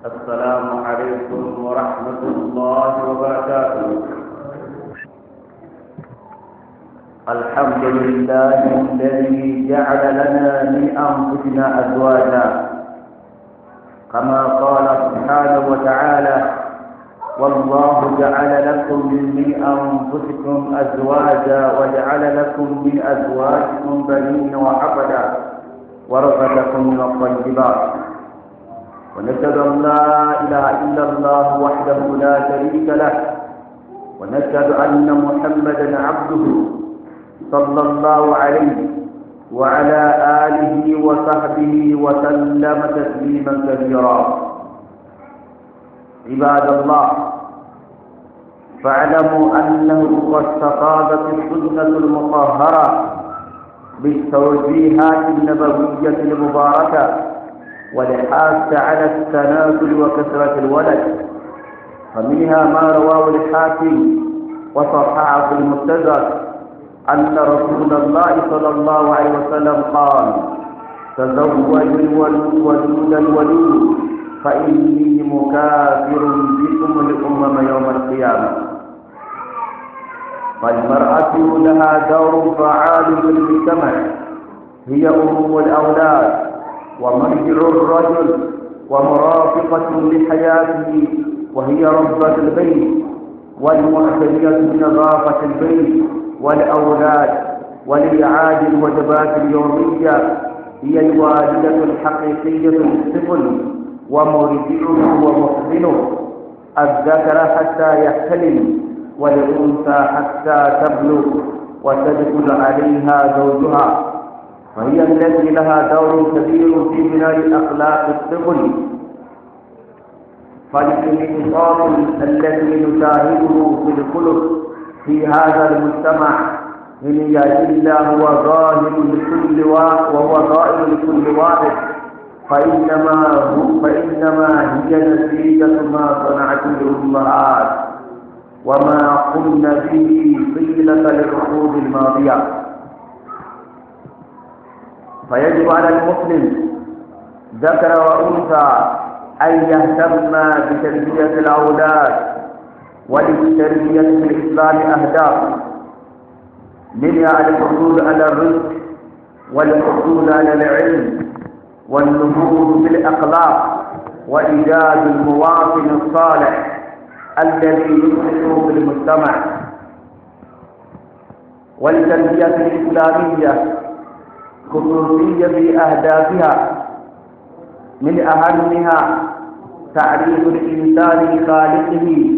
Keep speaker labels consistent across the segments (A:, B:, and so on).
A: السلام عليكم ورحمة الله وبركاته الحمد لله الذي جعل لنا لأنفسنا أزواجا كما قال سبحانه وتعالى والله جعل لكم من أنفسكم أزواجا وجعل لكم من أزواجكم بنين وحفدا ورزقكم من الطيبات ونشهد أن لا إله إلا الله وحده لا شريك له ونشهد أن محمدا عبده صلى الله عليه وعلى آله وصحبه وسلم تسليما كثيرا عباد الله فاعلموا أنه قد تقاضت السنة المطهرة بالتوجيهات النبوية المباركة ولحاس على التناسل وكثرة الولد فمنها ما رواه الحاكم وصححه المستدرك أن رسول الله صلى الله عليه وسلم قال تزوج الولود الولود فإني مكافر بكم الأمم يوم القيامة فالمرأة لها دور فعال بالمجتمع هي أم الأولاد ومرجع الرجل ومرافقة لحياته وهي ربة البيت والمعتدية بنظافة البيت والأولاد ولإعاد الوجبات اليومية هي الوالدة الحقيقية للطفل ومرجعه ومحزنه الذكر حتى يحتلم والأنثى حتى تبلغ وتدخل عليها زوجها وهي التي لها دور كبير في بناء الاخلاق الطفل فالانتصار الذي نشاهده في الخلق في هذا المجتمع إن إلا هو ظاهر لكل واحد وهو ظاهر لكل واحد فإنما هو فإنما هي نتيجة ما صنعته الأمهات وما قمنا به طيلة العقود الماضية فيجب على المسلم ذكر وأنثى أن يهتم بتربية الأولاد وللتربية في الإسلام أهداف من الحصول على الرزق والحصول على العلم والنمو بالاخلاق وإيجاد المواطن الصالح الذي يصلح في المجتمع والتربية الإسلامية خصوصية بأهدافها من أهمها تعريف الإنسان لخالقه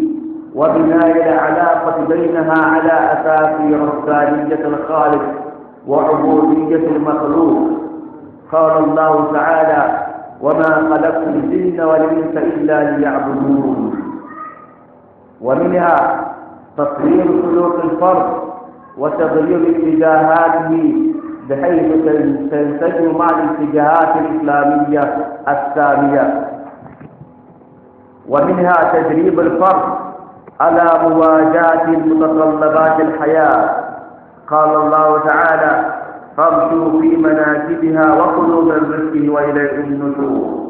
A: وبناء العلاقة بينها على أساس ربانية الخالق وعبودية المخلوق قال الله تعالى وما خلقت الجن والإنس إلا ليعبدون ومنها تصوير سلوك الفرد وتغيير اتجاهاته بحيث تنسجم مع الاتجاهات الإسلامية السامية ومنها تدريب الفرد على مواجهة متطلبات الحياة قال الله تعالى فامشوا في مناكبها وكلوا من رزقه وإليه النشور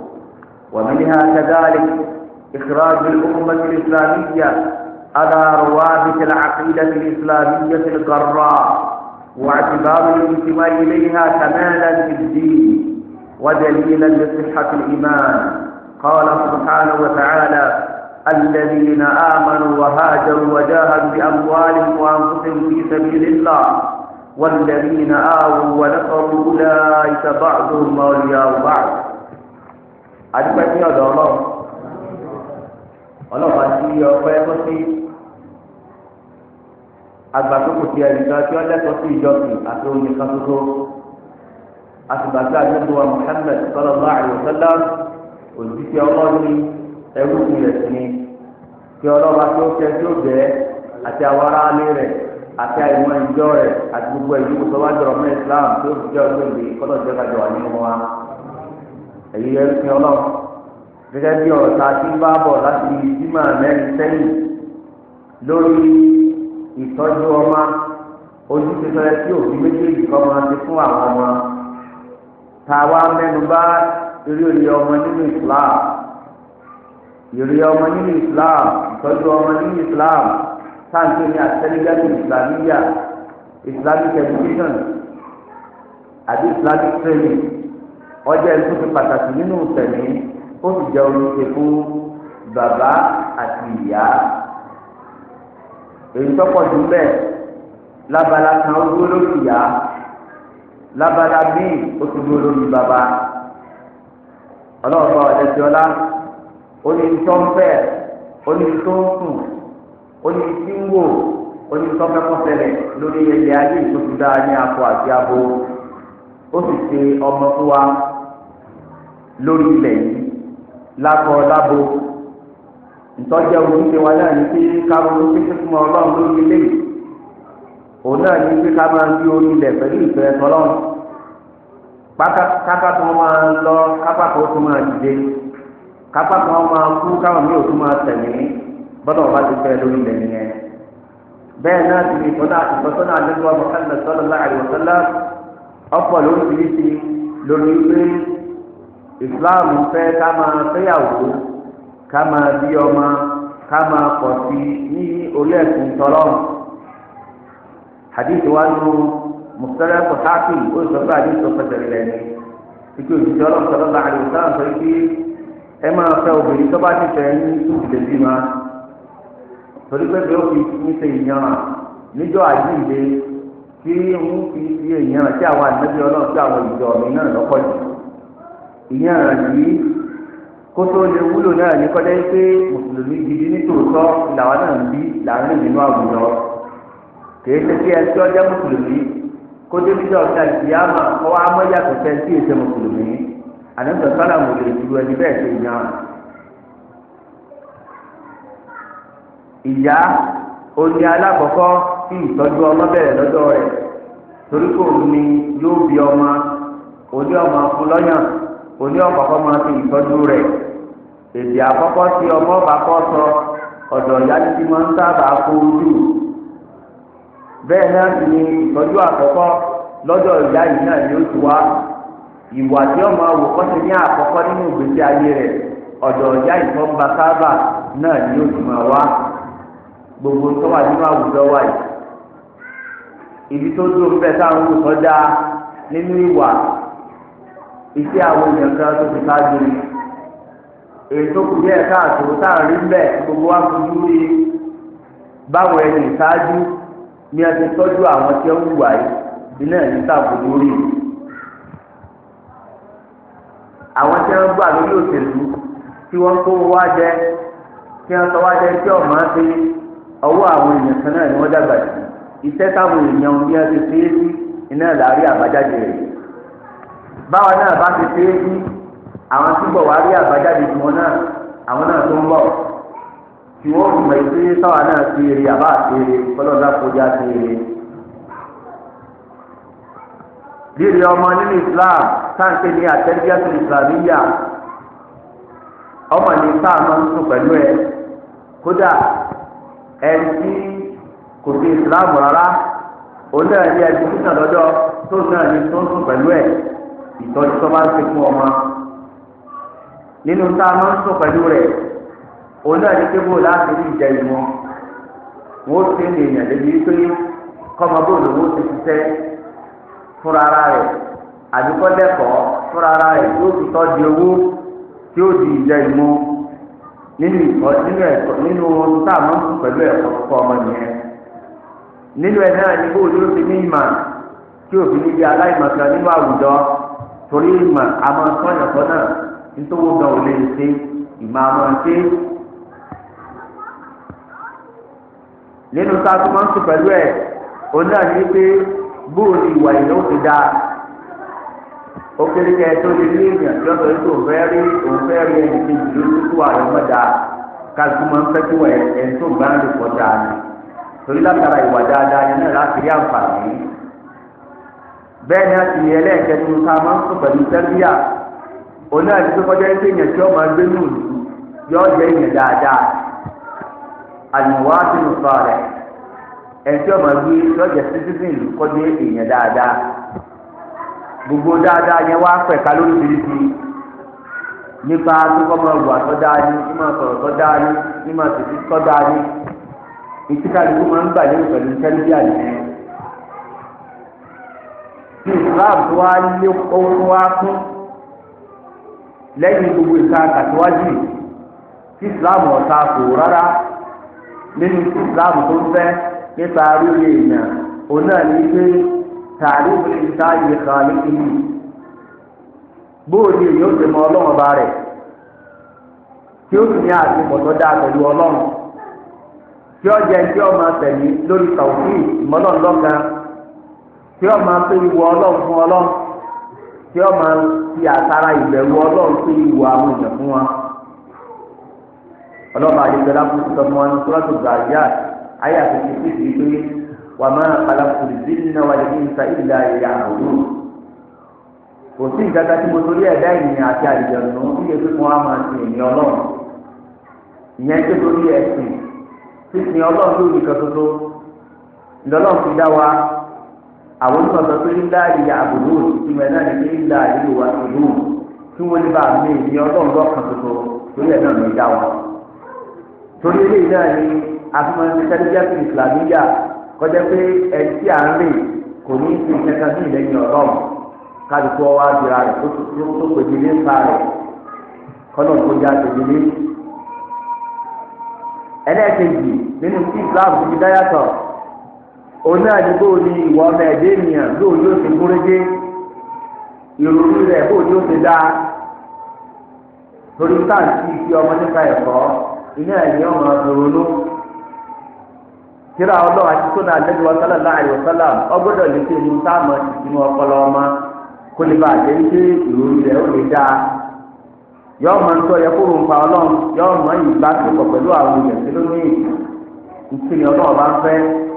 A: ومنها كذلك إخراج الأمة الإسلامية على روابط العقيدة الإسلامية القراء واعتبار الانتماء إليها كمالا في الدين ودليلا لصحة الإيمان قال سبحانه وتعالى الذين آمنوا وهاجروا وجاهدوا بأموالهم وأنفسهم في سبيل الله والذين آووا ونصروا أولئك بعضهم أولياء بعض أدبت يا الله الله أدبت يا الله agbàdókò tí ẹni kan tí wọ́n lẹ́tọ̀ọ́ sí ìjọsìn àti omi kan tuntun àtìgbàgbé àdúgbò wa Muhammad sallallahu alaihi wasallam òjíṣẹ́ ọlọ́ọ̀ni ẹrú ìrẹ̀ sí ni tí ọlọ́ba tó tẹ tí ó bẹ́ẹ̀ àti àwọn aráalé rẹ̀ àti àìmọ̀ ìjọ rẹ̀ àti gbogbo ìlú kò sọ́wọ́ àjọrọ̀ mọ́ Islam tó fi jẹ́ ọdún ìlú kọ́lọ̀ jẹ́ kájọ wà nínú wa èyí ẹrú sí ọlọ́run gẹ́gẹ́ bí ọ̀rọ̀ ta ń bá bọ̀ láti ìdí mẹ́rin sẹ́yìn lórí ìtọ́jú ọmọ ojúṣe sọ yẹ kí òbí méjèèjì kọ́ máa ti fún àwọn ọmọ tá a wá mẹ́nu bá eré orí ọmọ nínú Islam ìrì ọmọ nínú Islam ìtọ́jú ọmọ nínú Islam táǹkì ní àtẹ́lẹ́gẹ́tì islamiyà Islamic education àti Islamic training ọjọ́ ẹ̀sùn ti pàtàkì nínú ìtẹ̀mí ó sì jẹ́ oríṣi fún bàbá àti ìyá èyí tọ́pọ̀ jù bẹ́ẹ̀ lábala kan ó dúró lórí ìyá lábala bíi ó ti dúró lórí bàbá ọlọ́ọ̀bá ọ̀dẹ́síọ́lá ó ní tó ń fẹ́ ó ní tó ń sùn ó ní tí ń wò ó ní tó fẹ́ kọ́ ṣẹlẹ̀ lórí ilẹ̀ ayé ìtòkù ní akọ àti abo ó sì ṣe ọmọ fún wa lórí ilẹ̀ yìí lákọ lábo ntọ́jà ojúṣe wa náà ní pé ká ronú pípé fún ọlọ́run lórí eléyìí òun náà ní pé ká máa fi orí ilẹ̀ pẹ̀lú ìfẹ́ tọ́lọ́run kápá tó máa lọ kápá tó tó máa dìde kápá tó máa kú káwọn mi ò tó máa tẹ̀lé bọ́dọ̀ bá ti fẹ́ lórí ilẹ̀ nìyẹn bẹ́ẹ̀ náà ti lè tọ́lá ìtọ́sọ́nà àdéhùn ọmọ kálẹ̀ sọ́lọ́ láàrin ọ̀sọ́lá ọ̀pọ̀ lórí pé ìsìláàmù fẹ́ ká máa bí ọmọ ká máa pọ̀ sí ní orí ẹ̀sìn tọ́lọ́run hadith wa nu mùsùlùmí kò hákì ó sọ pé àdéhùn tó fẹsẹ̀ rẹ̀ lẹ́nu ìgbé òjijì ọlọ́run sọ̀rọ̀ bá àdéhùn sáà sọ pé ẹ máa fẹ́ obìnrin tó bá ti fẹ́ ní ìdílé bí ma torí pé bí ó fi ń ṣe ìyànà níjọ́ àjíǹde tí ń fi fi èèyàn àti àwọn àdébí ọlọ́run sí àwọn ìjọ mi náà lọ́pọ̀ jù ìyànà yìí kótó lè wúlò náà ní kọjá yìí pé mùsùlùmí gidi nítòótọ́ làwọn náà ń bí làárín nínú àwùjọ kìí ṣe kí ẹni tí ọjà mùsùlùmí kótó níjọ ọ̀gá ìyáàmà ọwọ́ amọ́yà tó fẹ́ sí èsè mùsùlùmí ànágbà sálàmù lè dúró ẹni bẹ́ẹ̀ ṣe yàn. ìyá oní alákọ̀ọ́kọ́ tí ìtọ́jú ọmọ bẹ̀rẹ̀ lọ́dọ̀ rẹ̀ torí kò ní yóò bí ọmọ oní ọmọ oní ọ̀kọ̀ọ̀kọ̀ máa fi ìtọ́jú rẹ̀ èdè àkọ́kọ́ tí ọmọ bá kọ́ sọ ọ̀dọ̀ ìyá títí máa ń sábà kó ojú bẹ́ẹ̀ náà ni ìtọ́jú àkọ́kọ́ lọ́dọ̀ ìyá yìí náà wá ìwà tí ọmọ ní nínú ìgbésí ayé ìyá sábà gbogbo tó wà nínú àwùjọ wa yìí ibi tó dúró ń bẹ sáà ń wò iṣẹ́ àwọn èèyàn kan tó ti ṣáájú ni èyí tó kù díẹ̀ káàtó tá à ń rí bẹ́ẹ̀ gbogbo wa fojú rí ẹni ìṣáájú ni a ti tọ́jú àwọn tí ó ń wà yìí iná ẹ̀ ní sàbòjú rí àwọn tí wọ́n gbà lórí òṣèlú tí wọ́n kó wá jẹ tí wọ́n sọ wá jẹ tí ọ̀mọ́ ti ọwọ́ àwọn èèyàn kan náà ni wọ́n báwọn náà bá ti ṣe é bí àwọn túbọ̀ wá rí àbájáde tiwọn náà àwọn náà tó ń bọ̀ tí wọ́n fi mọ̀ ìpè sáwà náà ṣe eré àbá ṣe eré kọ́lọ́ lápòjá ṣe eré. lílì ọmọ nínú Islam táǹkì ní àtẹ́gbẹ́sì Islamiyya ọmọ ní sáà máa ń sùn pẹ̀lú ẹ kódà ẹni tí kò sí Islam rárá òun náà ní ẹni tó sàn lọ́dọ̀ tó náà ní tó ń sùn pẹ̀lú ẹ. ìtọ́jú tó bá ń ṣe fún ọmọ nínú tá a máa ń sùn pẹ̀lú rẹ̀ òun náà ní kébò láti rí ìjẹ ìmọ̀ ti ń pé kọ́mọ wọ́n ti ṣiṣẹ́ fúnra ara rẹ̀ di ìjẹ ìmọ̀ nínú ìkọ́ nínú ẹ̀kọ́ nínú ohun tá a máa ń sùn pẹ̀lú ẹ̀kọ́ kọ́ ọmọ nìyẹn nínú ẹ̀ náà ní ti ní torí ìmọ̀ àmọ́ sọ́yọ̀ sọ́nà nítorí wọn ò lè ṣe ìmọ̀ àmọ́ ṣe. nínú tá a tún máa ń sùn pẹ̀lú ẹ̀ òun náà ní pé bóò ni ìwà ìlú ti da ó kéré kẹ tó lè ní èèyàn lọ́dọ̀ yìí tó fẹ́ rí òun fẹ́ rí ẹni kejì lójú tó wà lọ́mọ da kálukú máa ń fẹ́ kí wọ́n ẹ̀ ẹ̀ tó gbá ń lè pọ̀ dáa ni torí látara ìwà dáadáa yẹn náà láti rí àǹfààní bẹ́ẹ̀ ni a sì yẹ lẹ́ẹ̀kẹ́ni ká máa ń sọ pẹ̀lú sẹ́ríà òun náà ti tó kọjá pé èèyàn tí ó máa gbé nù yóò jẹ́ èèyàn dáadáa àyùnwá ti nù sọ rẹ̀ ẹni tí ó máa gbé jẹ́ kọjá dáadáa gbogbo dáadáa yẹn wá pẹ̀ka lóríṣiríṣi nípa tó máa wà tó dáa ní máa sọ̀rọ̀ ní máa tètè máa ń gbà tí islam tó wá lé owó wá fún lẹ́yìn gbogbo ìta àtàtíwájú tí islam ọ̀ta kò rárá nínú tí islam tó ń fẹ́ nípa rírì èèyàn náà ní pé tààrí òun kan ní kíní bóòdì èyí ó ti mọ ọlọ́run ọba rẹ̀ tí ó sì ní tó dáa pẹ̀lú ọlọ́run tí ó jẹ́ tí ọ máa pé ìwọ ọlọ́run fún ọlọ́run tí ọ máa fi àtàrà ìbẹ̀rù ọlọ́run pé ìwọ àwọn èèyàn fún wa àdìgbẹ́lá fún ayé àtúntò sí pé wà máa ìta ìlà àwòrán kò sí ìdájọ́ tí mo torí àti máa ti ènìyàn ọlọ́run ìyẹn tó torí ẹ̀sìn àwọn onímọ̀ sọ pé ńlá ìyá àbùdó ìtumọ̀ náà ní pé ńlá ìlú wa ìlú tí wọ́n ní bá mi ní ọlọ́run lọ́kàn tuntun torí ẹ̀ náà ló dá wọn. torí eléyìí náà ni àfihàn ti tẹ́lifíàsì ìsìlámíyà kọjá pé ẹtí à ń rìn kò ní í fi kankan sí ìlẹ́yìn ọlọ́run kálukú ọwọ́ àdúrà rẹ̀ tó pèjì ní nǹkan rẹ̀ kọ́nà tó já pèjì ní. ẹlẹ́ẹ̀kejì nínú tí ìsìlámù ti dáyàtọ̀ onu náà ní bó ni ìwà ọmọ ẹ̀dẹ́ ènìyàn lóò yóò ṣe kúrégé ìrònú rẹ̀ bó yóò ṣe dáa torí táǹtì fi ọmọ nípa ẹ̀kọ́ iná ẹ̀yìn ọmọ ìrònú kíra ọlọ́wọ́ àti tó náà lẹ́nu ọ̀sálà láàyè ọ̀sálà ọgbọ́dọ̀ lè ṣe ìlú táàmù ìsinmi ọpọlọ ọmọ kó lè bá àjẹ́ wípé ìrònú rẹ̀ ó lè dáa yọ ọmọ ntọ́ yẹ kó rompa ọlọ́run yọ ọmọ pọ̀ pẹ̀lú àwọn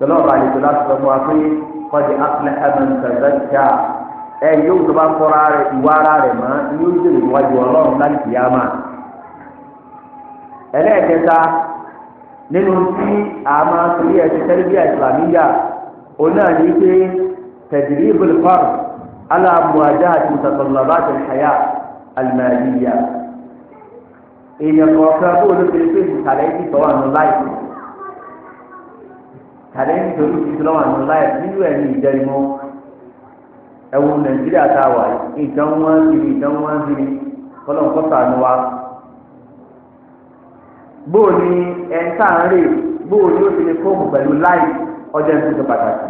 A: tọ́lọ́ọ̀bà àlejò láti sọ fún wa pé kọ́dí afúnẹ́ ẹ̀mẹ́n tẹ̀sẹ̀kíà ẹ̀ yóò tó bá kọ́ra rẹ̀ ìwà ara rẹ̀ mọ́ ní ó jèrè níwájú ọlọ́run láti kìí àmà. ẹlẹ́ẹ̀kẹta nínú tí a máa ń torí ẹ̀sìn tẹ́lifíà ìsìlámíyà òun náà ní pé tẹ̀dìrí ìbùlù fáàrù aláàmúhàjá àti mùsàtọ̀lọ́bà àti ìhàyà àlùmáyà èèyàn kọ̀ọ̀kan bó ló fi ṣe ìsàlẹ̀ ìdí láìpẹ́ tàbí nítorí títí lọ́wọ́ àná láì nínú ẹ̀ ní ìjẹ́rìmọ́ nàìjíríà tá a wà yìí wọn ń biri wọn wa. ni ń ni ó ti lè fóònù pẹ̀lú ọjọ́ pàtàkì.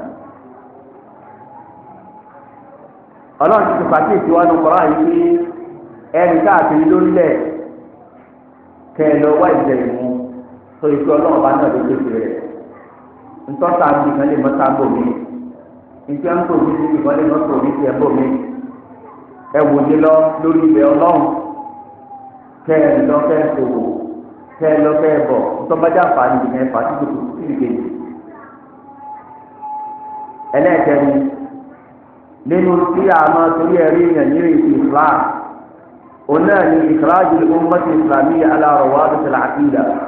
A: ọlọ́run ti ẹni káàkiri lórílẹ̀ kẹ́ ẹ lọ wá ọlọ́run bá ntọ́ta àti ìkan lè mọ́ta bò mí ìfẹ́ ń tò mí sí ìkan lè mọ́tò mí sí ẹ bò mí ẹ wò ní lọ lórí ibẹ̀ ọlọ́run kẹ́ ẹ lọ kẹ́ ẹ sòwò kẹ́ ẹ lọ kẹ́ ẹ bọ̀ ntọ́bájà fà ní ìyẹn fà sí gbogbo sí ìkejì ẹlẹ́ẹ̀kẹ́ni nínú tí a máa torí ẹ̀rí èèyàn ní ìrètí ìfúlá òun náà ní ìkàrà jùlọ fún mọ́tò ìsìlámì alárọ̀wá àti ìsìlámì àti ìdàgbà.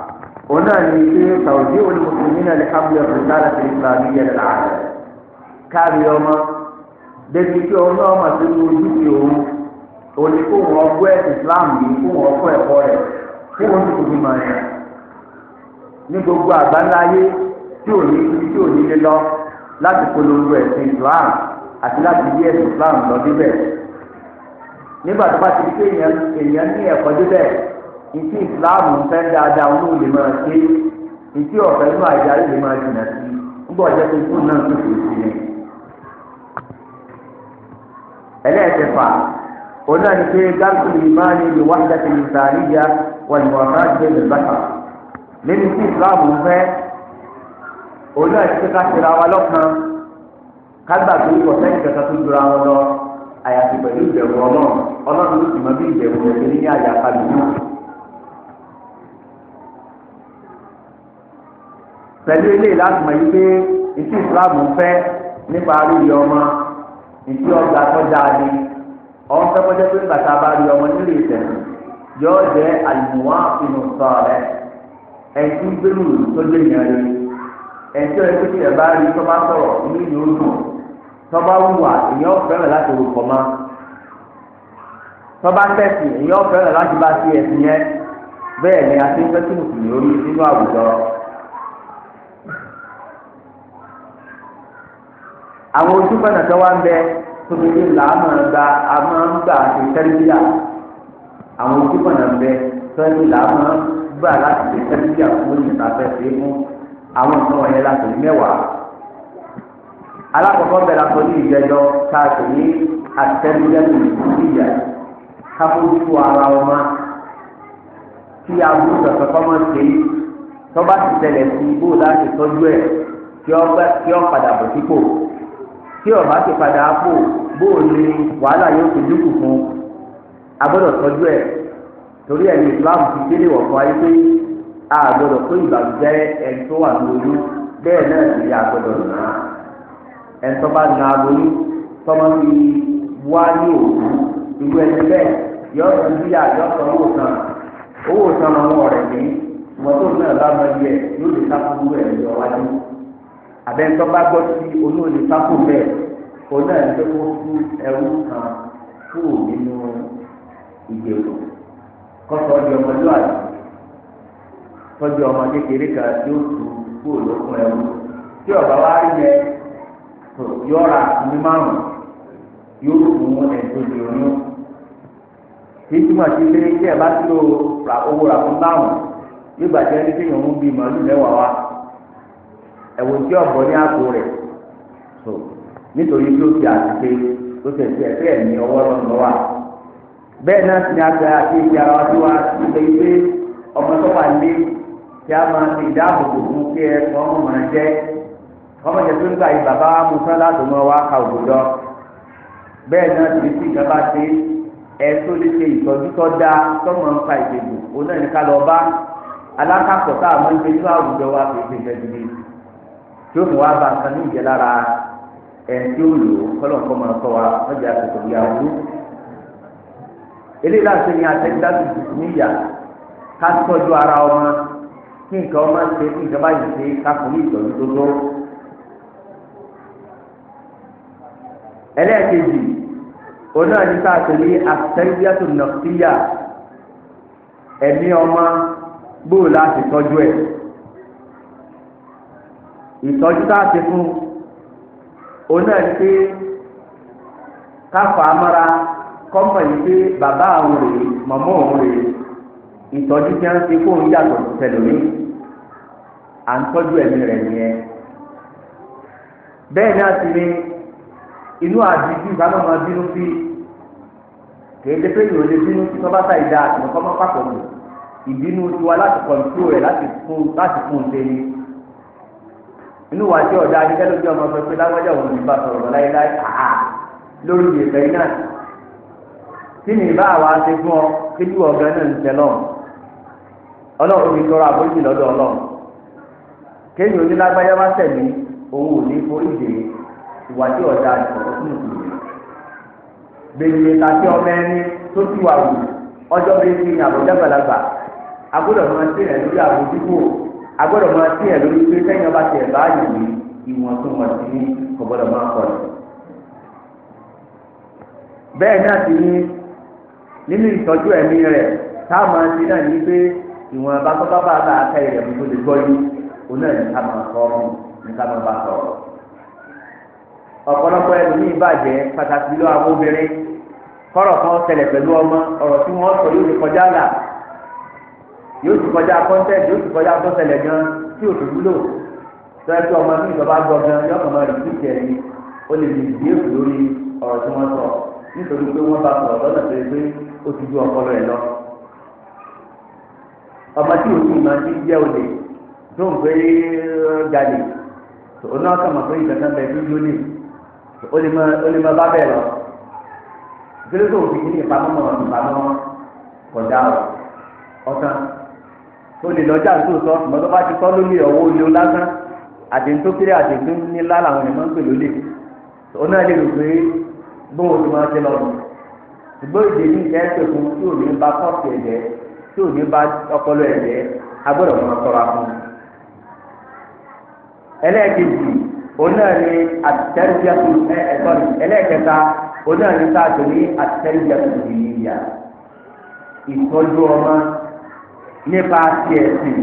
A: هنا نيجي توجيه المسلمين لحمل الرسالة الإسلامية للعالم كان يوم débi tí ọlọ́ ọmọ tó ń lójú ti òun òní kó wọn gbọ́ ẹ̀sìn Islam yìí kó wọn kọ́ ẹ̀kọ́ rẹ̀ kó wọn tó tóbi mọ̀ ẹ̀ ní gbogbo àgbáńláyé tí ò ní ibi tí ò ní lé lọ láti polongo ẹ̀sìn Islam àti láti yí ẹ̀sìn Islam lọ débẹ̀ nígbà tó bá ti di pé èèyàn ní ẹ̀kọ́ débẹ̀ ìtí ìsìláàmù ń fẹ́ dáadáa wọn ló lè máa ṣe ìtí ọ̀fẹ́ inú àjà lè máa jìnà sí nígbà ọjọ́ tó kú náà tó kù sí ni. ẹlẹ́ẹ̀kẹfà òun náà ni pé gáàsì ìmáàní lè wá ìdájọ́ ìsàlíyà wà ní wàhálà ìgbé ìbáta nínú tí ìsìláàmù ń fẹ́ òun náà ti ká ṣe ra wa lọ́kàn kágbà tó kọ̀ sẹ́yìn kẹta tó jura wọn lọ àyàfi pẹ̀lú ìbẹ̀rù ọlọ́run ọlọ́run ló sì mọ bí ìbẹ̀rù rẹ̀ ṣe ní àyàkálù náà. pẹ̀lú eléyìí láti mọ̀ yìí pé etí islam fẹ́ nípa rírí ọmọ etí ọgbà tó dáadé ọ̀hún fẹ́kọ́jẹ́ pé bàtà bá rí ọmọ nílé ìtẹ̀sìn yóò jẹ́ àlùmọ́ inú sọ rẹ ẹ̀ńtí gbẹ́rù tó lé yẹn rí ẹ̀ńtí ọ̀rẹ́ tó tiẹ̀ bá rí tó bá sọ̀rọ̀ inú ìlú ó dùn tó bá wùwà èèyàn fẹ́ràn láti rò pọ̀ mọ́ tó bá tẹ̀sì èèyàn fẹ́ràn láti bá sí ẹ̀sìn yẹn bẹ́ẹ̀ ni àti ń fẹ́ kí mùsùlùmí orí nínú àwùjọ àwọn ojú pẹ̀lú tó wá ń bẹ tóbi ní làámà gba àmà ń gbà àti tẹ́lifíà àwọn ojú pẹ̀lú ń bẹ tóbi ní làámà gbà láti ṣe tẹ́lifíà fún ìgbà fẹ́ ṣe é fún àwọn nǹkan wọ̀nyẹn láti mẹ́wàá. alákọ̀ọ́kọ́ bẹ̀rẹ̀ àpò ní ìjẹ́jọ́ káàkiri ní àtẹ́lifíà ní ìgbìyà káfíńtù ara ọmọ tí a bú sọ̀tọ̀ kọ́mọ tọ́ba ti tẹ̀lẹ̀ sí ibò láti tọ́jú ẹ̀ kí ọ padà bọ̀ sípò. tí ọba ti padà bụ bóò ni wàhálà yóò fi dínkù fún a gbọ́dọ̀ tọ́jú torí ẹni islam ti fún ayé pé a gbọ́dọ̀ pé ẹni tó wà ní oyún ẹni tó bá na lóyún fi wá ní òkú ẹni bẹ́ẹ̀ yọ yọ owó owó ọmọ ní náà bá mọ yóò lè sá fún àbẹ̀ntọ́ bá gbọ́ sí olóòlì pákó bẹ́ẹ̀ òun náà ló kó fún ẹrú kan kúrò nínú ìgbèrò kọ́sọ̀ ọdí ọmọlúwàbí tọ́jú ọmọ kékeré kan yóò tu kúrò lókun ẹrú tí ọ̀bá wa rí yẹn yóò ra ní márùn yóò fún ẹ̀tọ́ ìròyìn kí túmọ̀ sí pé tí ẹ bá tó owó rà fún márùn yóò gbàjẹ́ ní kéèyàn ń bí màálù lẹ́wàá wa ẹ̀wọ̀n tí ọ̀bọ ní àpò rẹ̀ so nítorí tí ó ti àtìké tó tẹ̀ sí ẹ̀fẹ́ ẹ̀mí ọwọ́ lọ́nà wa bẹ́ẹ̀ náà ti ní aṣọ àti ìdí ara wa tí wá ilé ilé ọmọ tó wà lé tí a máa ti dáàbòbò fún kí ẹ fún ọmọ máa jẹ́ ọmọ jẹ tó ń gbà yìí bàbá wa mú sán láti mọ wá ka òbòdọ bẹ́ẹ̀ náà ti ti ìjọba ṣe ẹ tó lè ṣe ìtọ́jú tó dáa tọ́mọ ń fa ìdìbò òun náà ní ká lọ bá alákàtọ̀ tá a máa ń àwùjọ wa kì í ṣe tí ó mú wá bá nǹkan ní ìjẹ lára ẹni tí ó lò ó kọ́lọ́ǹkọ́ máa sọ wa lọ́jà àtòkò ìyá owó. eléyìí láti ní atẹ́gbẹ́dàgbé tuntun níyà ká tọ́jú ara ọmọ kí nǹkan ọmọ ṣe kí nǹkan báyìí ṣe ká fún ní ìtọ́jú tó tó. ẹlẹ́ẹ̀kejì òun náà ní sáà nàfíyà ẹ̀mí ọmọ gbòòlà àti tọ́jú ẹ̀ ìtọ́jú tá a ti fún òun náà ti káfọ́ amára kọ́mọ̀ yìí pé bàbá àwọn rèé mọ̀mọ́ òun rèé ìtọ́jú tí a ń ṣe fóun yàtọ̀ tẹ̀lómi à ń tọ́jú ẹ̀mí rẹ̀ nìyẹn bẹ́ẹ̀ náà sì ni inú àdìjú ìbámọ́ máa bínú sí kèé dé pé ìròlé bínú sí tọ́ba sáì dáa àtìmọ́kọ́mọ́ pàtó ìbínú tiwa láti kọ̀ǹtó rẹ̀ láti fún un ṣe ni. inú wa tí ọ̀dà adigun lójú ọmọ sọ pé lágbájá òun ìbá sọ̀rọ̀ láéláé àá lórí ìfẹ́ iná tí ní ìbá wa ṣe fún ọ kéjú ọ̀gá náà ń tẹ lọ́wọ́ ọlọ́run mi tọrọ àbójì lọ́dọ̀ ọlọ́run kéyìn onílágbájá bá tẹ̀lé òun ò ní forí dè ìwà tí ọ̀dà àdìsọ̀rọ̀ fún ìlú bèbè tàbí ọmọ ẹni tó ti wà wù ọjọ́ bíi ti agbọ́dọ̀ máa tí ẹ̀ lórí pé sẹ́yìn ọba tiẹ̀ báyìí ní ìwọ̀n tó wọ́n ti ní kò gbọ́dọ̀ máa kọ̀ lọ. bẹ́ẹ̀ náà ti ní nínú ìtọ́jú ẹ̀mí rẹ̀ táwọn máa ti náà ní pé ìwọ̀n bá tọ́ bá bá bá ká ilẹ̀ mi tó lè gbọ́ yìí òun náà ní ká máa kọ́ ọ́ ní ká máa bá kọ́ ọ́. ọ̀pọ̀lọpọ̀ ẹlòmíì bàjẹ́ pàtàkì lọ́wọ́ àwọn obìnrin kọ́rọ̀ kan ṣẹlẹ̀ pẹ̀lú ọmọ ọ̀rọ̀ tí wọ́n sọ yóò yóò ti kọjá kọ́ńtẹ́ẹ̀tì yóò ti kọjá kọ́ńtẹ́ẹ̀lẹ̀ gan tí ò fi wúlò sọ́yẹ́ ọmọ mi ìjọba gbọ́ gan yọ ọmọ rẹ̀ sí kẹrin ó lè lè dé èkó lórí ọ̀rọ̀ tí wọ́n sọ nítorí pé wọ́n bá sọ̀rọ̀ lọ́nà tó yẹ pé ó ti ju ọpọlọ ẹ̀ lọ. ọmọ tí òkú ìmọ̀ ti jẹ́ olè tó ń pé uh, jalè òun náà kàmọ̀ pé ìjọba bẹ̀ tó yó lè ó lè má bá bẹ̀ lọ. ìgbélé tó òfin ní ìpamọ́ mọ̀ ìpamọ́ o lè lọ́jà tó sọ ṣùgbọ́n tó bá ti sọ lórí ọwọ́ olè lásán àdéhùn tó kéré àdéhùn nílá làwọn máa ń pè lólè lè rò pé ti máa ṣùgbọ́n ní ẹ̀sẹ̀ fún tí ò ní ba kọ́ọ̀tù ẹ̀jẹ̀ tí ò ní ba ọpọlọ ẹ̀jẹ̀ agbọ́dọ̀ máa tọ́ra fún un. ẹlẹ́ẹ̀kejì ní nípa ti ẹ̀sìn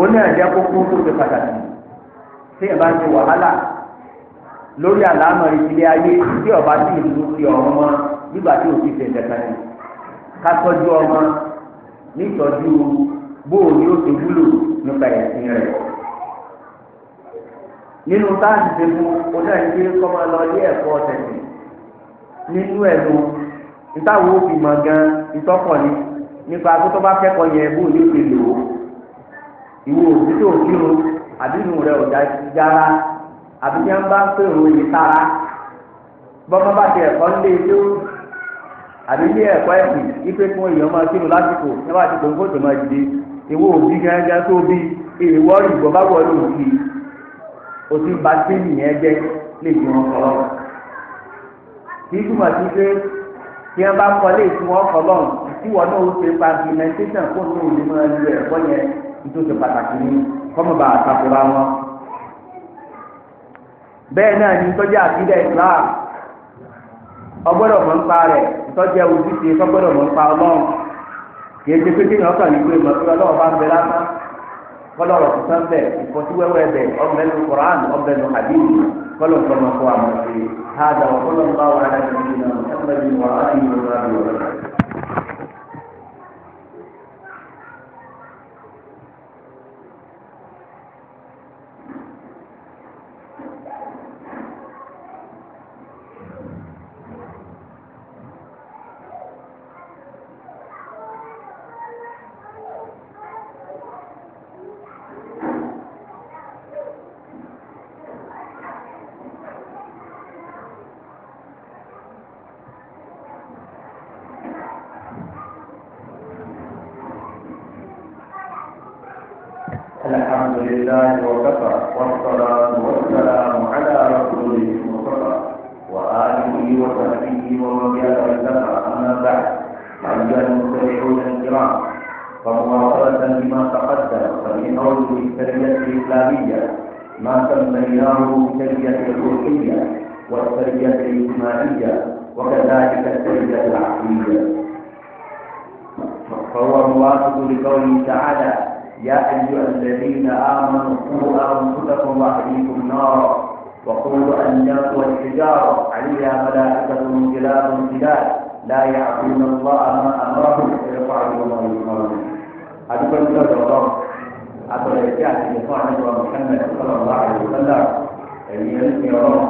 A: oní ẹ̀jẹ̀ kókó tó ṣe pàtàkì tí ẹ̀ bá ti wàhálà lórí àlámọ̀rí ilé ayé tí ọba tí ìlú ti ọ̀run mọ́ nígbà tí òfin ṣe ìdẹ̀kan ni ká tọ́jú ọmọ nítọ́jú bóò ni ó ti wúlò nípa ẹ̀sìn rẹ̀ nínú táàtì ti mu oní ẹ̀jẹ̀ kọ́mọ lọ ilé ẹ̀kọ́ tẹ̀sìn nínú ẹ̀nu ìtawó fi mọ̀ gan ìtọ́kọ̀ ni nípa akótó bá kẹ́kọ̀ọ́ yẹn bó ní ìpè lò ó ìwò òbí tó kírun àbí inú rẹ ọ̀dà jára àbí yẹn bá ń pèrò yìí tara bọ́mọ bá ti ẹ̀kọ́ ńlé tó àbí ilé ẹ̀kọ́ ẹ̀sìn ipe fún èèyàn máa kírun lásìkò nígbà tí kò ń fòtò máa dìde ìwò òbí gángan tó bí èèwọ̀ ìgbọ̀n bá wọlé òkè òsì ń ba tẹ́lì yẹn jẹ́ lè fi wọn kọ́ lọ́wọ́ kì túmọ̀ sí pé tí wọ́n bá kọ́ lè fi wọn kọ́ tí wọn náà ó ṣe pavimentation kó ní òní máa lu ẹ̀kọ́ yẹn nítorí pàtàkì ní kọ́mọba àtàkùrọ̀ wọn. bẹ́ẹ̀ náà ní tọ́jú àbílẹ̀ Islam ọgbọ́dọ̀ mọ̀ nípa rẹ̀ tọ́jú ojúṣe tọ́gbọ́dọ̀ mọ̀ nípa ọlọ́run kì ṣe pé kí ni ọkàn ní mọ̀ pé ọlọ́run bá ń bẹ lásán kọlọrọ tuntun bẹ ìfọsíwẹwẹ bẹ ọbẹnu koran ọbẹnu hadith kọlọ tọmọ fún amọ̀ṣe ha dàwọn kọlọ ń bá wà lẹ́nu nínú ẹgbẹ́ mi wà á ti yọ̀ ọ́ فمواصلة لما تقدم ففي قوله التربيه الإسلامية ما سميناه السرية الروحية والتربية الإجتماعية وكذلك التربية العقلية فهو موافق لقوله تعالى يا أيها الذين آمنوا قوا أنفسكم وأهليكم نارا وقولوا يقوى الحجارة عليها ملائكة من جلال لا يعصون الله ما أمره ويفعلون ما يؤمرون أدخل الله الله أتولى يتعب يطاع نبوة محمد صلى الله عليه وسلم ẹ̀yìn ẹ̀sìn ọ̀rọ̀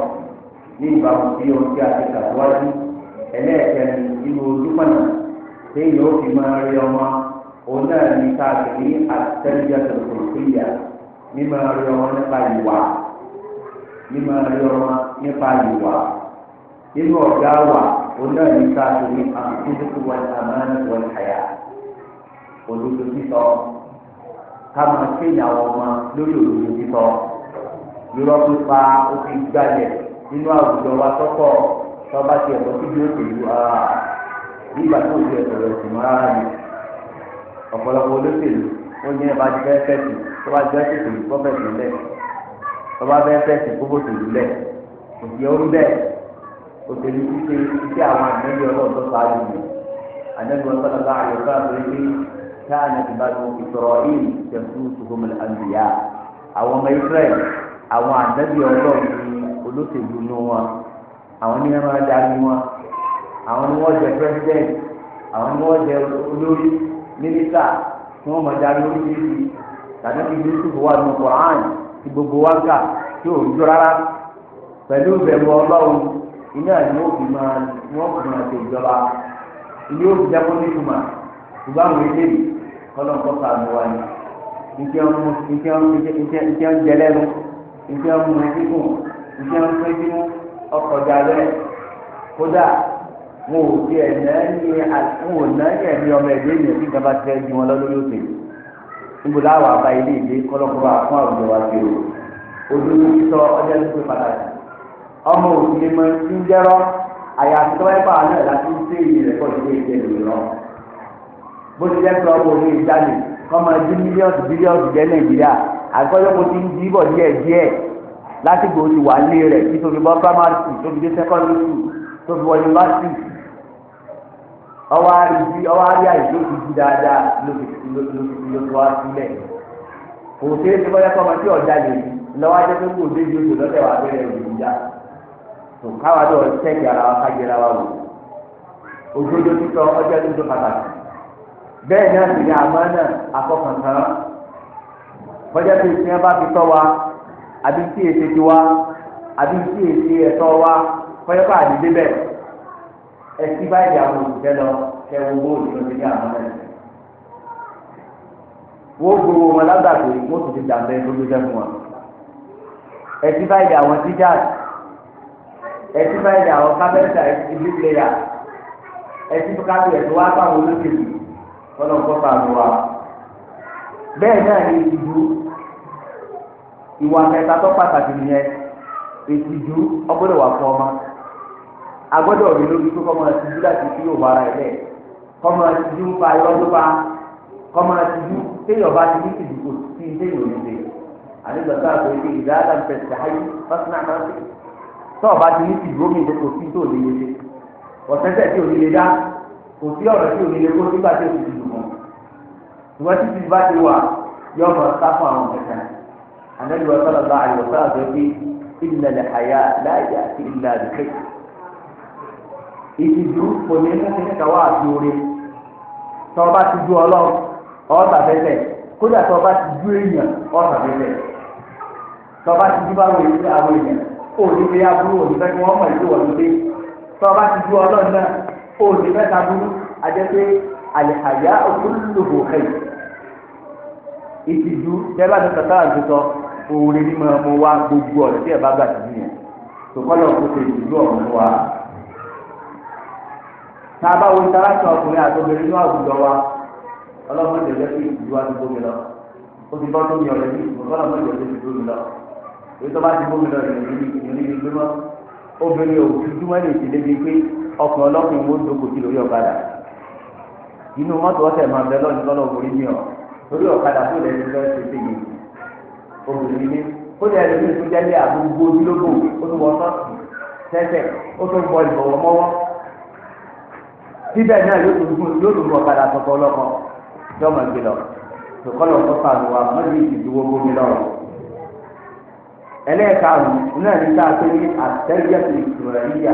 A: ní ìbámu sí ohun tí a ti tàwájú ẹlẹ́ẹ̀kẹrin nínú ojúmọ̀nà téèyàn ó fi máa rí ọmọ òun náà ní káàkiri àtẹ́lẹ́jà tó kò péyà ní máa rí oná nípa torí àkókò wọn àmàlẹ́ wọn àyà olódò títọ́ ká máa kéèyàn àwọn ọmọ lórí olódò títọ́ irọ́ pípa ó fi gbalẹ̀ nínú àwùjọ wa tọ́kọ̀ tọ́ba ti ẹ̀kọ́ síbi ó pẹ̀lú ara nígbà tó ti ẹ̀kọ́ rẹ̀ sì mọ́ ara rẹ̀ ọ̀pọ̀lọpọ̀ olóṣèlú ó ní ẹ̀bá ti fẹ́ẹ́ fẹ́ẹ̀sì tó bá jẹ́ tètè kó fẹ́ẹ̀sì lẹ̀ tó bá fẹ́ẹ́ fẹ́ẹ̀sì kó bó tèlú lẹ̀ òsì ọ̀rú bẹ́ẹ̀ òṣèlú títí títí àwọn ànábì ọlọ́run tó sáájú mi ànábì wọn sọ́nà bá àyọ̀ká àbúrò pé káàní ti bá dùn ìsọ̀rọ̀ yìí tẹ̀sù tùkùmù àbíyá àwọn ọmọ Israẹl àwọn ànábì ọlọ́run ni olóṣèlú nù wọn àwọn ní ẹ̀rọ adarí wọn àwọn ni wọ́n jẹ pẹ́sidẹ́ntì àwọn ni wọ́n jẹ olórí mínísà tí wọ́n mọ̀ darí oríṣiríṣi tàbí iná ni ó fi máa wọ́n fi máa ṣe ìjọba ilé ó fi jábọ́ nínú mà ṣùgbọ́n àwọn eléyìí kọ́lọ́ ń kọ́ka àmì wa ni ìjẹ́ ń mu ìjẹ́ ń ìjẹ́ ìjẹ́ ń jẹ lẹ́nu ìjẹ́ ń mu ẹ̀dínkù ìjẹ́ ń pé bí ọkọ̀ dà rẹ̀ kódà wọn ò tiẹ̀ náà ní wọn ò náà ní ọmọ ẹ̀dẹ́ ènìyàn tí ìjọba ti ẹ̀ ju wọn lọ́dún yóò tẹ̀ níbo láwàá bá ilé ìdè kọ́lọ́kọ́ bá fún àwùjọ wa ti rò ojú tó sọ ọjọ́ ìpè pàtàkì ọmọ òsìlè mọ ti ń jẹ́rọ́ àyàfi tó wáyé báwa náà láti ń sé ìyẹn rẹ̀ pọ̀ sí ilé ìjẹ́ lọ. bó ti jẹ́ pé ọmọ òní ìjálè kọ́mọ ẹdí mílíọ̀nù bílíọ̀nù jẹ́ nàìjíríà àgbọ̀dọ̀ kò ti ń jí bọ̀ díẹ̀ díẹ̀ láti gbòó ti wà lé rẹ̀ kí tó fi bọ́ primary school tó fi dé secondary school tó fi wọ university ọwọ́ àrídí ọwọ́ àrí àìsí ti di dáadáa ló fi wá sílẹ̀ kò sí ẹsẹ̀ bọ́yá kọ́mọ tí ọ̀dà lè lọ́wọ́ ajẹ́ pé kò dé ju oṣù lọ́tẹ̀ wà bẹ́rẹ̀ òjò ìjà. tó káwa lọ sẹ́ẹ̀kì ara wa ká wa wò ojoojú títọ́ ọjọ́ tó pàtàkì bẹ́ẹ̀ náà sì ni àmọ́ náà akọ́kàntán bọ́jà tó ti ẹ bá fi tọ́ wa àbí tí èsì ti wa àbí tí èsì ẹ̀tọ́ wa kọ́yọ́ bá àdìdé bẹ́ẹ̀ ẹtí báyìí àwọn òṣìṣẹ́ lọ kẹ wo owó òṣìṣẹ́ ti ní àmọ́ náà wọn ti dàbẹ́ ẹtí báyìí ni àwọn kábẹ́ntà ẹtí bí pléyà ẹtí kábẹ́ ẹtí wá bá wọn lókèlú wọn náà kọ́ta ló wa. bẹ́ẹ̀ náà ni ìtìjú ìwà kẹta tó pàtàkì nìyẹn ìtìjú ọgbọ́dọ̀ wà fún ọmọ agbọ́dọ̀ rí lórí pé kọ́mọ ìtìjú láti fi òwò ẹ̀ tó téèyàn bá ti ní ìtìjú sí téèyàn ò ní ṣe àdéhùn ń ayé fásitì náà máa ń tó ọba ti ní tìdúró mi kò sí tó nílé ṣe ọ̀sẹ̀sẹ̀ tí ò nílé dá kò sí ọ̀rọ̀ tí ò nílé kó nígbà tí ò ti dùn mọ́ ìwọ́n tí ti bá ti wà yọ ọmọ ọ̀sá fún àwọn ọ̀sẹ̀ kan ànábi wọn sọ̀rọ̀ bá àyọ̀ pé ìlà àyà láyà sí ìlà àdùkẹ́ ìtìjú kò ní kí ní kàwá àti orin tó ọba ti ju ọlọ́run ọ̀ọ́sàfẹ́fẹ́ kódà tó ọba ti ju èèyàn ọ̀ọ́sàfẹ́fẹ́ tó ọba ti ju báwo èèyàn òní fi aburú òní fẹ́ kí wọ́n mọ̀ ìlú wọ̀ lóde tó o bá ti ju ọlọ́run náà òní fẹ́ taburú àjẹpé àyà òkúlùlùbò hẹ̀ ìtìjú tẹ́lá ní kàtà àtúntọ́ òwúrẹ́ ní mọ̀ ọmọ wa gbogbo ọ̀rẹ́ tí ẹ̀ bá gbà sí nìyẹn tòkọ́lọ̀ kó ṣe ìtìjú ọ̀rọ̀ wa. tá a bá wo ìtaláṣọ ọkùnrin àtọ́bìnrin ní àwùjọ wa ọlọ́mọdé lẹ́kọ̀ọ́ ìtìjú wa ti gbómi lọ ó ti bọ́ tó mi ọ̀rẹ́ ní ìtìjú ọlọ́mọdé lẹ́kọ̀ọ́ ìtìjú mi lọ èyí tó bá ti gómìnà rẹ̀ níbi ìlú níbi gbémọ́ obìnrin ò dúdúmọ́ lè ti débi pé ọkàn ọlọ́kùnrin ó dókòó sí lórí ọ̀kadà inú mọ́tò ọ̀sẹ̀ máa bẹ lọ́ọ̀ni lọ́nà òkúrí ní ọ lórí ọ̀kadà tó lẹ́nu lọ́ọ́ ṣe ṣe yìí obìnrin ní ó lè rí ní ìtújẹ́ lé àbúgbó ojúlógbò ó tún wọ sọ́ọ̀sì tẹ́tẹ̀ ó tún bọ ìbọ̀wọ̀ mọ́wọ́ síbẹ̀ náà yóò tún bọ̀ ọ̀kadà tọkọ ọlọ́kọ yọmọ ìgbìlọ̀ tòkọ́lọ̀ tó fà lù wá mọ́tò ìdìbò ele ún náà ní sáà pé àtẹ́yẹ́sì ìsìnrẹ̀líyà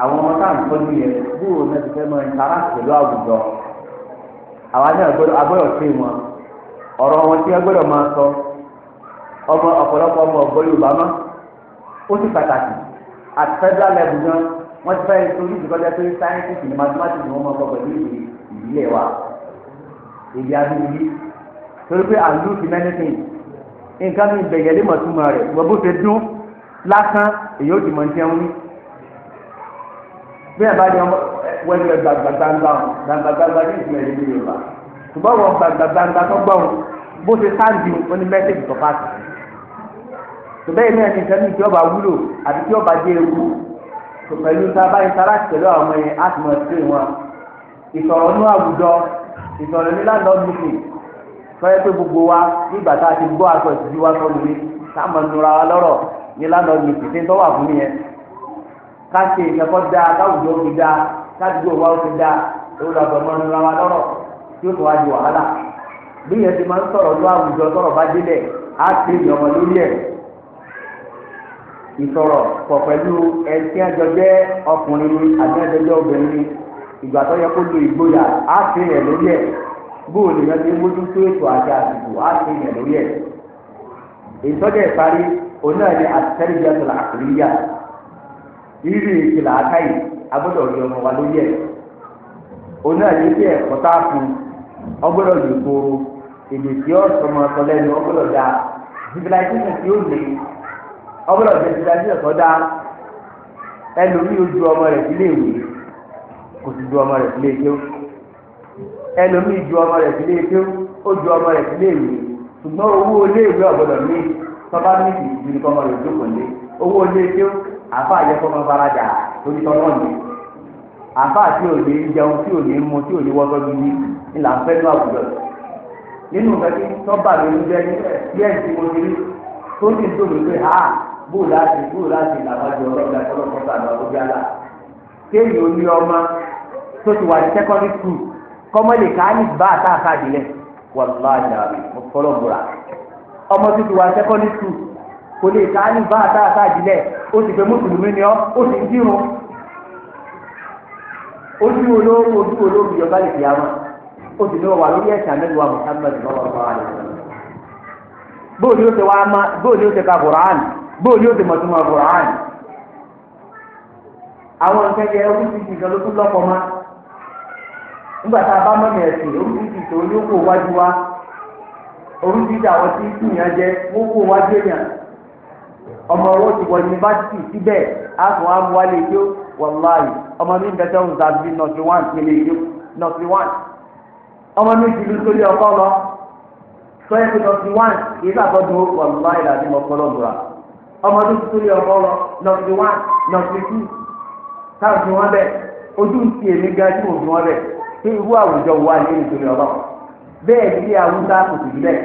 A: àwọn ọmọ táà ń tọ́jú yẹn bóòrò náà ti fẹ́ mọ ìtara pẹ̀lú àwùjọ àwa náà gbọ́dọ̀ agbọ́dọ̀ pé wọn ọ̀rọ̀ wọn tí máa sọ ọmọ ọ̀pọ̀lọpọ̀ ọmọ ọ̀gbọ́n Yorùbá mọ́ ó at federal level gan wọ́n ti fẹ́ torí ìdíkọ́jẹ́ pé ní ni nǹkan mi bẹ̀yẹ̀ lé mọ̀túmọ̀ rẹ̀ wọ́n bó ṣe dún lásán èyí ó ti mọ̀ jẹun ní. bí àbá ni wọ́n ń lọ gbàgbà gbangba wọn gbàgbà gbangba ní ìsìn ẹ̀yẹ́ nílé wa ṣùgbọ́n wọn gbàgbà gbangba tó gbọ́ wọn bó ṣe sáǹdì wọn ní mẹ́sẹ̀gì tó pàṣẹ. ṣùgbọ́n èmi ẹ̀sìn ìṣẹ́ mi tí ọba wúlò àti tí ọba jẹ́ ewu pẹ̀lú sábà ìsára pẹ̀lú àwọn ọmọ yẹn á ti mọ̀ sí wọn. ìsọ̀rọ̀ nú àwùjọ ìsọ̀rọ̀ nílànà mìíràn fẹ́ẹ́ pé gbogbo wa nígbà tá a ti gbọ́ aṣọ ìtìjú wa sọ lórí ká mọ̀ nura wa lọ́rọ̀ ní lánàá ní ìpínlẹ̀ tó wà fún mi yẹn ká ṣe ìkẹ́kọ̀ọ́ dáa káwùjọ fi dáa kádùúgbò wa ó fi dáa èwo lọ́dọ̀ mọ̀ nura wa lọ́rọ̀ tí ó tó wá di wàhálà bí yẹn ti máa ń sọ̀rọ̀ lọ àwùjọ sọ̀rọ̀ bá délẹ̀ á ṣe ìyọ̀mọ̀ lórí ẹ̀ ìsọ̀rọ̀ pọ̀ pẹ̀lú ẹtí bóòlù yẹn ti mójú tó ètò àti àsìkò á ti yàn lórí ẹ̀. ìtọ́jà ìparí òun náà ni tó rírì ìkìlà agbọ́dọ̀ ọmọ wa lórí òun náà ni bí ẹ̀kọ́ tá a fún ọgbọ́dọ̀ yìí kóró èdè tí ó sọmọ ọtọ lẹ́nu ọgbọ́dọ̀ da civilization tí ó lè ọgbọ́dọ̀ da civilization tó ẹlòmíì ju ọmọ rẹ̀ sílé ó ju ọmọ rẹ̀ sílé ìwé ṣùgbọ́n owó ilé ọ̀gbọ́dọ̀ mi tọ́ba ní ìdí ní kọ́mọ rẹ̀ jókòó lé owó ilé àfa àyẹ̀kọ́ máa farajà lórí tọ́lọ́ ni àfa tí ò ní jẹun tí ò ní tí ò ní ńlá fẹ́ ní àwùjọ nínú tọ́ba mi ń bí ẹ̀ ti mo ti rí tó ní pé kọ́mọ lè ká ní bá àtà àkàdìlẹ̀ wàlúwàá ìdàbí fọlọ́ bùrà ọmọ tuntun wa sẹ́kọ́ndì tù kò lè ká ní bá àtà àkàdìlẹ̀ ó sì fẹ́ mùsùlùmí ni ọ́ ó sì ń dírun ojú lè fi àwọn ní wà lórí bóòlù yóò wá má bóòlù ka bóòlù yóò nígbà tá e bá mọ̀nà ẹ̀sìn oríṣiríṣi tó ní ó kó wájú wa oríṣiríṣi àwọn tí yẹn jẹ ó wájú yẹn ọmọ owó ti wọ yunifásitì síbẹ̀ á tún á mú wálé yó wàláyé ọmọ mi bẹ sẹ́wọ̀n tàbí nọ́ọ̀sì wán kele yó nọ́ọ̀sì wán ọmọ mi ti lu sórí ọkọ lọ pé irú àwùjọ wa lè ní ìtòlẹ̀ ọlọ́run bẹ́ẹ̀ ní ilé awúsá kò sì rí bẹ́ẹ̀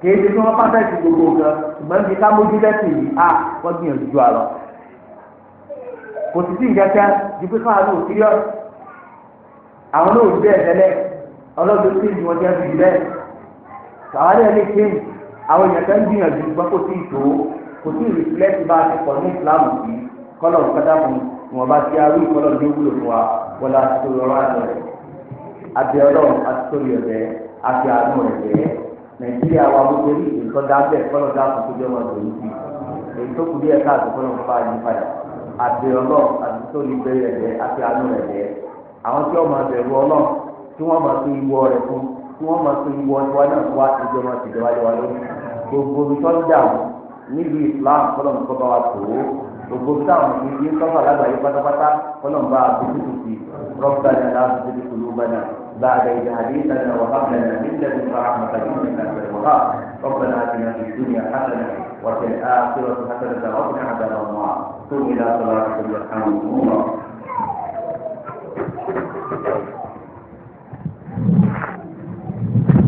A: kì í ṣe kí wọ́n pàtàkì gbogbo nǹkan ṣùgbọ́n bí ká mójú lẹ́sìn yìí á wọ́n gbìyànjú ju àlọ́ kò sì sí ìjẹ́kẹ́ ju pé káwọn náà sírí ọ̀rọ̀ àwọn náà ò rí bẹ́ẹ̀ tẹ́lẹ̀ ọlọ́dún sí ìwọ̀n jẹ́ fi bẹ́ẹ̀ àwọn náà lè ṣe àwọn èèyàn kan gbìyànjú ṣùgbọ́n kò sí ìtò kò sí ìrìfilẹ́sì bá a ti pọ̀ ní ìsìlámù yìí kọ́lọ̀ kọ́dà fún ìwọ̀nba tí a rí kọ́lọ̀ ní wúlò fún wa wọlé asọ̀rọ̀ àlọ́ rẹ̀ abiola asọ̀rọ̀ rẹ̀ àti àánú rẹ̀ rẹ̀ nàìjíríà wa gbogbo rí nǹkan dábẹ́ kọ́lọ̀ dáàbò tó jẹ́ wọn lòún sí èyí tó kù díẹ̀ káàtó kọ́lọ̀ ń fa àyípadà abiola asọ̀rọ̀ bẹ̀rẹ̀ rẹ̀ àti àánú rẹ̀ rẹ̀ àwọn tí wọ́n máa bẹ̀rù ọlọ́run tí wọ́n máa fi ìwọ rẹ̀ fún tí wọ́n máa fi ìwọ tiwa náà wá ìjọba tìjọba yọ wa lórí gbogbo ìtọ́jú àwọn níbi Islam kọ́lọ̀ ń bá wa tó gbogbo táwọn ìdí sọ́kà lágbàáyé pátápátá kọ́lọ́mbà àbójútó sí rọ́bà ní aláàbò tó kúló bá náà بعد إذ هديتنا وهب لنا من لدنك رحمة إنك أنت الوهاب ربنا آتنا في الدنيا حسنة وفي الآخرة حسنة وقنا عذاب النار قم إلى صلاتك يرحمكم الله Thank you.